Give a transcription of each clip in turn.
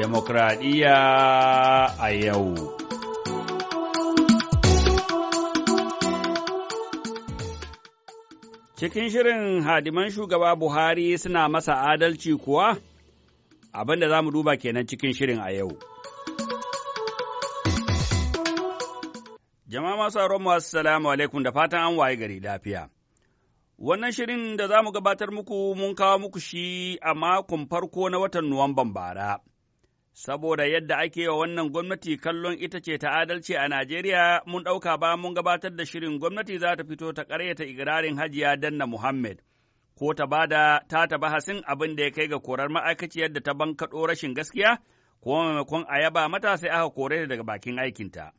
demokradiyya a yau. Cikin shirin hadiman shugaba Buhari suna masa adalci kuwa? Abin da za mu duba kenan cikin shirin a yau. Jama'a masu sauran masu salamu alaikum da fatan an waye gari lafiya. Wannan shirin da za mu gabatar muku mun kawo muku shi a makon farko na watan Nuwamban bara. saboda yadda ake wa wannan gwamnati kallon ita ce ta adalci a Najeriya mun ɗauka ba mun gabatar da shirin gwamnati za ta fito ta ƙaryata igirarin hajiya Danna Muhammad. Ko ta bada ta ta bahasin abin da ya kai ga korar ma'aikaciyar da ta bankaɗo rashin gaskiya, ko maimakon a yaba mata sai aka kore ta daga bakin aikinta.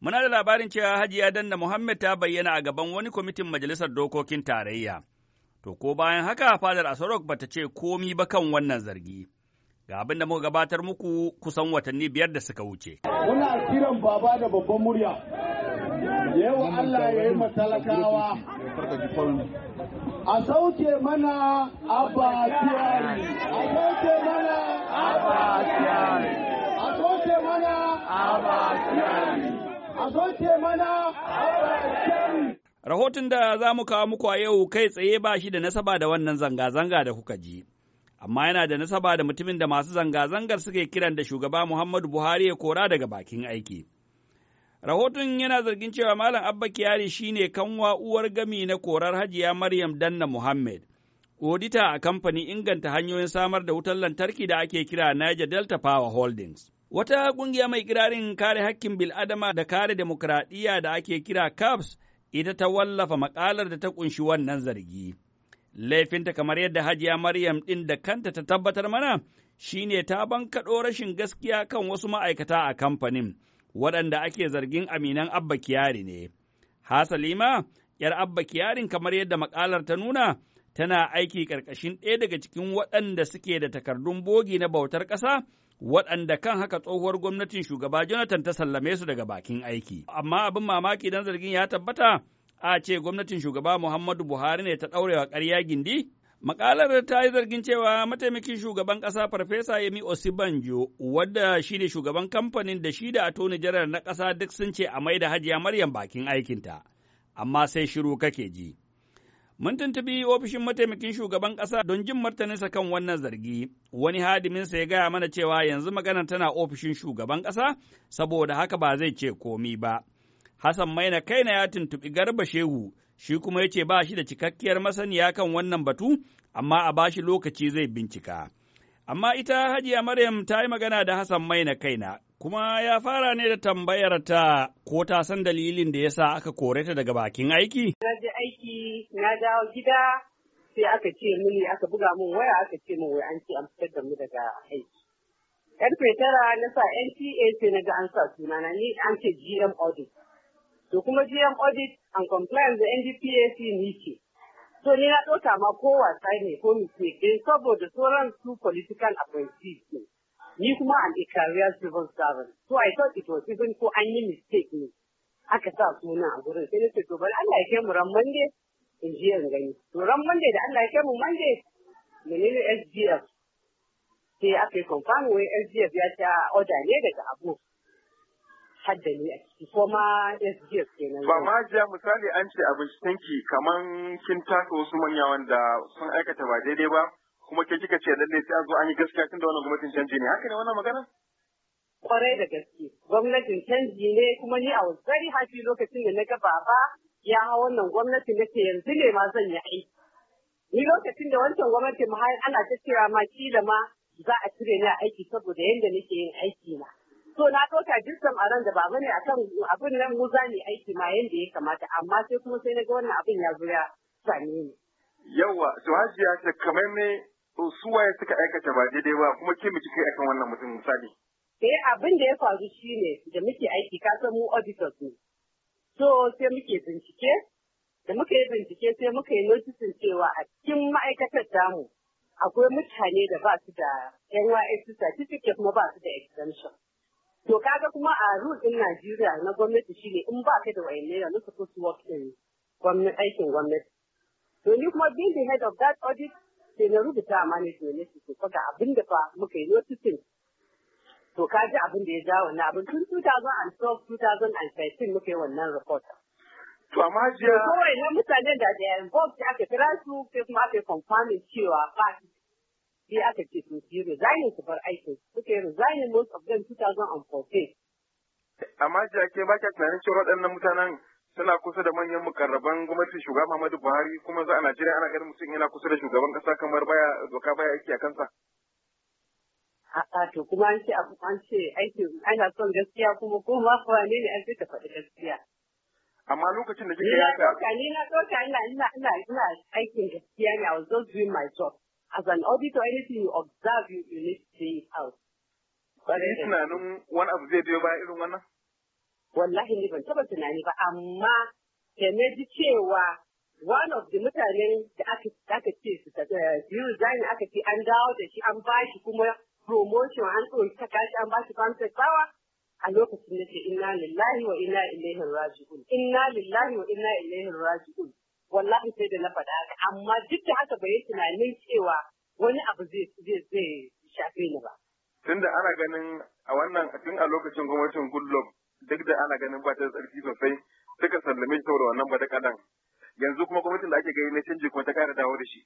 Muna da labarin cewa Hajiya Danna Muhammad ta bayyana a gaban wani kwamitin Majalisar Dokokin Tarayya. To, ko bayan haka fadar Asorok bata ce komi ba kan wannan zargi. ga abin da muka gabatar muku kusan watanni biyar da suka wuce. Muna kiran baba da babban murya, yawa Allah ya yi matalakawa a sauke mana abatiyari, a sauke mana abatiyari, a sauke mana abatiyari, a sauke mana abatiyari. Rahoton da za mu kawo muku a yau kai tsaye ba shi da nasaba da wannan zanga-zanga da kuka ji. amma yana da nasaba da mutumin da masu zanga-zangar suke kiran da shugaba Muhammadu Buhari ya kora daga bakin aiki. Rahoton yana zargin cewa Malam Abba Kiyari ne kanwa uwar gami na korar Hajiya Maryam Danna Muhammad. Odita a kamfanin inganta hanyoyin samar da wutar lantarki da ake kira Niger Delta Power Holdings. Wata ƙungiya mai kirarin kare hakkin bil'adama da kare demokradiyya da ake kira CAPS ita ta wallafa maƙalar da ta ƙunshi wannan zargi. Laifinta kamar yadda Hajiya Maryam ɗin da kanta ta tabbatar mana shi ne ta bankaɗo rashin gaskiya kan wasu ma'aikata a kamfanin, waɗanda ake zargin aminan Abba Kiyari ne. Hasalima, ‘yar Abba Kiyarin kamar yadda maƙalar ta nuna, tana aiki ƙarƙashin ɗaya daga cikin waɗanda suke da takardun bogi na bautar ƙasa, waɗanda kan haka tsohuwar gwamnatin shugaba Jonathan ta sallame su daga bakin aiki. Amma abin mamaki don zargin ya tabbata, a ce gwamnatin shugaba Muhammadu Buhari ne ta wa ƙarya gindi? Makalar ta yi zargin cewa mataimakin shugaban ƙasa Farfesa Yemi Osibanjo, wadda shi ne shugaban kamfanin da shi da atoni jarar na ƙasa duk sun ce a maida hajiya Maryam bakin aikinta, amma sai shiru kake ji. Mun tuntubi ofishin mataimakin shugaban ƙasa don jin martaninsa kan wannan zargi, wani hadiminsa ya gaya mana cewa yanzu maganar tana ofishin shugaban ƙasa, saboda haka ba zai ce komi ba. Hassan Maina kaina ya tuntuɓi Garba Shehu, shi kuma ya ce ba shi da cikakkiyar masaniya kan wannan batu, amma a bashi lokaci zai bincika. Amma ita Hajiya Maryam ta yi magana da Hassan Maina kaina, kuma ya fara ne da tambayar ta ko ta san dalilin da ya sa aka kore ta daga bakin aiki? Na je aiki, na dawo gida, sai aka ce mini aka buga min waya aka ce min wai an ce an fitar da mu daga aiki. Karfe tara na sa NTA sai na ga an sa sunana ni an ce GM Audit. To kuma GM audit and compliance da NDPAC ni nike. To ni na ɗauka ma ko wasa ne ko mistake ɗin saboda sauran su political appointees ne. Ni kuma an a career civil servant. So I thought it was even ko an yi mistake ne. Aka sa suna a gurin sai na ce to bari Allah ya kai mu ran Monday in ji yan gani. To ran Monday da Allah ya kai mu Monday menene SGF. Sai aka yi confirm wai SGF ya ta order ne daga abu. haddani a ciki ko ma SGS nan Ba ma jiya misali an ce abin tanki kaman kin taka wasu manya wanda sun aikata ba daidai ba kuma ke kika ce lalle sai an zo an yi gaskiya tun da wannan gwamnatin canji ne haka ne wannan magana? Kwarai da gaske gwamnatin canji ne kuma ni a very hafi lokacin da na ga baba ya hau wannan gwamnati ke yanzu ne ma zan yi aiki. Ni lokacin da wancan gwamnatin ma ana ta cewa ma kila ma za a cire ni a aiki saboda yadda nake yin aiki na. so na ɗauka distam a ran da babu ne akan abin nan mu za aiki ma yanda ya kamata amma sai kuma sai na ga wannan abin ya zo ya same ni. Yawwa to hajiya ta kamar ne me ya suka aikata ba daidai ba kuma ke miki kai akan wannan mutum misali. Eh abin da ya faru shine da muke aiki ka san mu auditors ne. So sai muke bincike da muka bincike sai muka yi notisin cewa a cikin ma'aikatar tamu akwai mutane da ba su da NYS certificate kuma ba su da exemption. To kaga kuma a rule din Najeriya na gwamnati shine in ba ka da wayanne da look supposed to work in gwamnati aikin gwamnati. To ni kuma being the head of that audit sai na rubuta a management ne su ga abin da fa muka yi noticing. To ka ji abin da ya ja wannan abin tun 2012 2013 muka yi wannan report. To amma jiya. Kawai na mutanen da da involved aka kira su sai kuma aka yi cewa ba sai aka ce sun yi resigning su bar aikin suka yi resigning most of them 2014. Amma ake ba ka tunanin cewa waɗannan mutanen suna kusa da manyan mukarraban gwamnatin shugaba Muhammadu Buhari kuma za a Najeriya ana ganin mutum yana kusa da shugaban ƙasa kamar baya doka baya aiki a kansa. A'a to kuma an ce an ce aikin ana son gaskiya kuma ko ma fa ne ne an ce ta faɗi gaskiya. amma lokacin da kika yaka ni na doka ina ina ina ina aikin gaskiya ne I was just doing my job as an auditor, anything you observe, you, you need to say it out. Ba ni tunanin wani abu zai biyo irin wannan? Wallahi ni ban taɓa tunani ba, amma da na ji cewa one of the mutanen da aka ce su eh, biyu zani aka ce an dawo da shi an ba shi kuma promotion an ɗauki ta kashi an ba shi contract power a lokacin da ce inna lillahi wa inna ilaihi raji'un inna lillahi wa inna ilaihi raji'un wallahi sai da na faɗa amma duk da haka bai tunanin cewa wani abu zai shafe ni ba. Tunda ana ganin a wannan tun a lokacin gwamnatin Goodluck duk da ana ganin ba ta tsarki sosai suka sallame ta saboda wannan kadan. yanzu kuma gwamnatin da ake gani na canji kuma ta kara dawo da shi.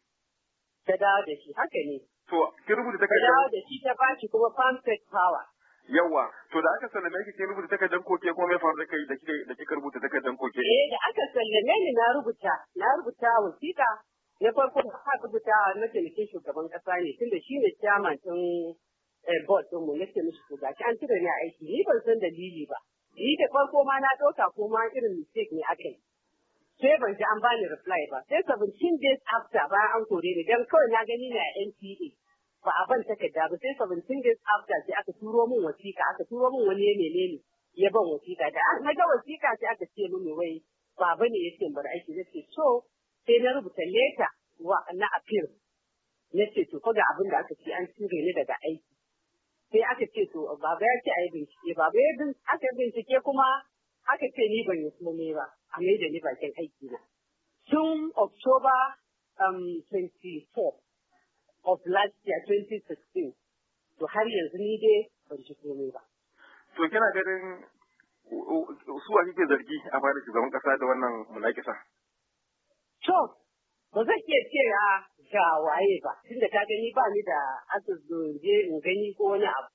Ta dawo da shi haka ne. To, kin rubuta takardar. Ta dawo da shi ta ba shi kuma pamphlet power. yawa to da aka sallame ki kin rubuta takardar koke ko mai faru da kai da kike da kika rubuta takardar koke eh da aka sallame ni na rubuta na rubuta wasiƙa na farko da aka rubuta na taimakin shugaban kasa ne tunda shi ne chairman din eh, board din mu yake mishi ko gashi an tura ni aiki ni ban san dalili ba ni da farko ma na ɗauka ko ma irin mistake ne aka yi sai ban ji an bani reply ba sai 17 days after bayan an kore ni dan kawai na gani na NTA ba a ban takarda ba sai 17 days after sai aka turo min wasiƙa aka turo min wani ne ne ya ban wasiƙa da an ga wasiƙa sai aka ce mini wai baba ne ya ce bar aiki na ce so sai na rubuta leta wa na appeal na ce to fa ga abin da aka ce an cire ni daga aiki sai aka ce to baba ya ce a yi bincike baba ya bin aka bincike kuma aka ce ni ban yi kuma ba a mai da ni bakin aiki na tun october um, 24 of last year 2016 to har yanzu ni dai ban ji komai ba. To kina ganin su a kike zargi a fara shugaban kasa da wannan munakisa? To ba zan iya cewa ah, ga waye ba tunda ka gani ba ni da asus je in gani ko wani abu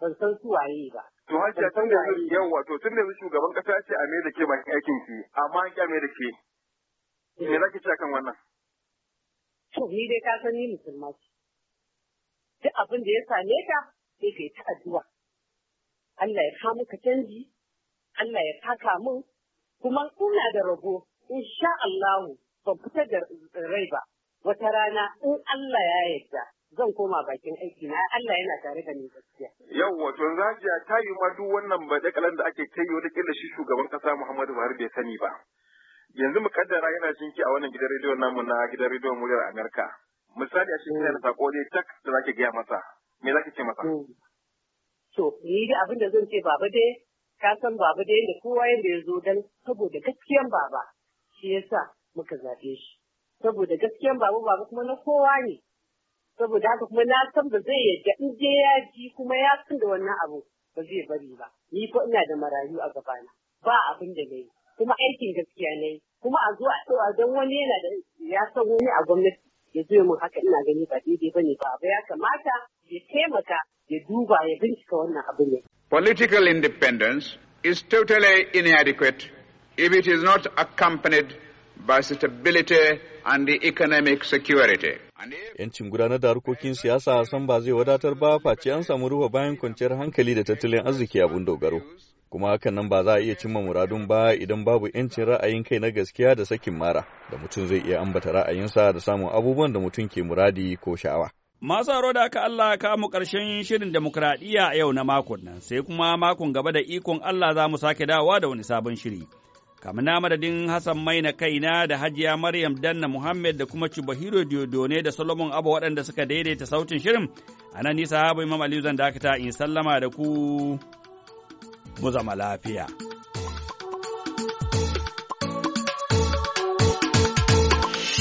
ban san su waye ba. To hajiya san da yau wato tun da shugaban kasa ce a mai da ke bakin aikin ki amma an mai da ke. Me za ki ce kan wannan? to ni dai ka san ni musulma ce duk abin da ya same ka sai ka yi ta addu'a Allah ya ka muka canji Allah ya saka mun kuma ina da rago, insha Allahu ban fitar da rai ba wata rana in Allah ya yarda zan koma bakin aiki na Allah yana tare da ni gaskiya. Yau to zajiya ta yi ma duk wannan badakalan da ake kai wata kila shi shugaban ƙasa Muhammadu Buhari bai sani ba. yanzu mu kaddara yana jinki a wannan gidan rediyon namu na gidan rediyon muryar Amerika. Misali a cikin yana sako dai tak da zaki gaya masa. Me zaki ce masa? Hmm. To, ni da abin da zan ce baba dai ka san baba dai da kowa yanda ya zo dan saboda gaskiyan baba shi yasa muka zaɓe shi. Saboda gaskiyan baba baba kuma na kowa ne. Saboda haka kuma na san ba zai yadda in je ya ji kuma ya san da wannan abu ba zai bari ba. Ni fa ina da marayu a gabana. Ba abin da na yi. kuma aikin gaskiya ne kuma a zo a don wani yana da ya san wani a gwamnati ya zo mun haka ina gani ba daidai bane ba abu ya kamata ya taimaka ya duba ya bincika wannan abin ne. Political independence is totally inadequate if it is not accompanied by stability and the economic security. Yancin gudanar da harkokin siyasa san ba zai wadatar ba face an samu ruwa bayan kwanciyar hankali da tattalin arziki abun dogaro. kuma hakan nan ba za a iya cimma muradun ba idan babu yancin ra'ayin kai na gaskiya da sakin mara da mutum zai iya ambata ra'ayinsa da samun abubuwan da mutum ke muradi ko sha'awa. Masu haro da aka Allah ka mu ƙarshen shirin demokradiyya a yau na makon nan sai kuma makon gaba da ikon Allah za mu sake dawowa da wani sabon shiri. Kamin na madadin Hassan mai Maina kaina da Hajiya Maryam Danna Muhammad da kuma Cibahiro Diodone da Solomon Abu waɗanda suka daidaita sautin shirin. A nan nisa Habu Imam Aliyu zan dakata in sallama da ku mu zama lafiya.